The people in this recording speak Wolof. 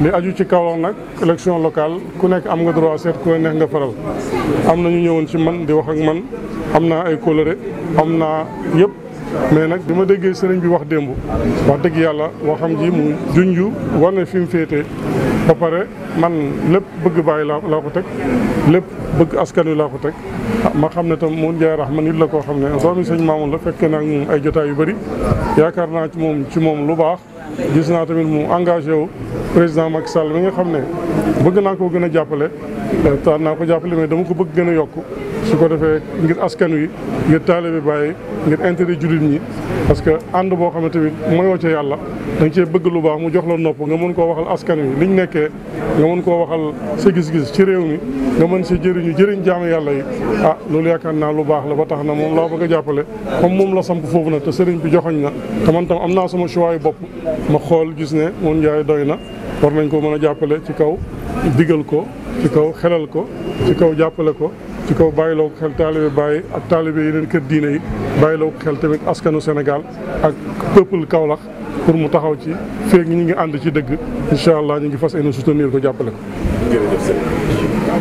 li aju ci Kaolack nag election locale ku nekk am nga droit seet ku neex nga faral am na ñu ñëwoon ci man di wax ak man am na ay coloré am na yëpp mais nag bi ma déggee sëriñ bi wax démb wax dëgg yàlla waxam ji mu junju wane fi mu féete ba pare man lépp bëgg bàyyi laa ko teg lépp bëgg askan wi laa ko teg ma xam ne tam moom Ndiaye Rahma nit la koo xam ne doomi sëñ Maamoun la fekkee naa ak moom ay jotaay yu bëri yaakaar naa ci ci moom lu baax gis naa tamit mu engagé wu président mac Sall mi nga xam ne bëgg naa koo gën a jàppale euh, taan naa ko jàppale mais dama ko bëgg gën a yokk su ko defee ngir askan wi ngir taalibe bàyyi ngir intérêt jullit ñi parce que ànd boo xam ne tamit moyoo ca yàlla dañ nga cee bëgg lu baax mu jox la nopp nga mën koo waxal askan wi liñ nekkee nga mën koo waxal sa gis-gis ci réew mi nga mën sa jëriñu jëriñ jaamu yàlla yi ah loolu yaakaar naa lu baax la ba tax na moom laa bëgg a jàppale comme moom la samp foofu na te sëriñ bi joxoñ na te man tam am naa sama choix yu bopp ma xool gis ne moom Ndiaye doy na war nañ koo mën a jàppale ci kaw digal ko ci kaw xelal ko ci kaw jàppale ko ci kaw bàyyiloo ko xel taalibe bàyyi ak taalibe yeneen kër diine yi bàyyiloo ko xel tamit askanu Sénégal ak peuple Kaolack pour mu taxaw ci feeg ñi ñu ngi ànd ci dëgg incha allah ñu ngi fas yéene soutenir ko jàppale ko.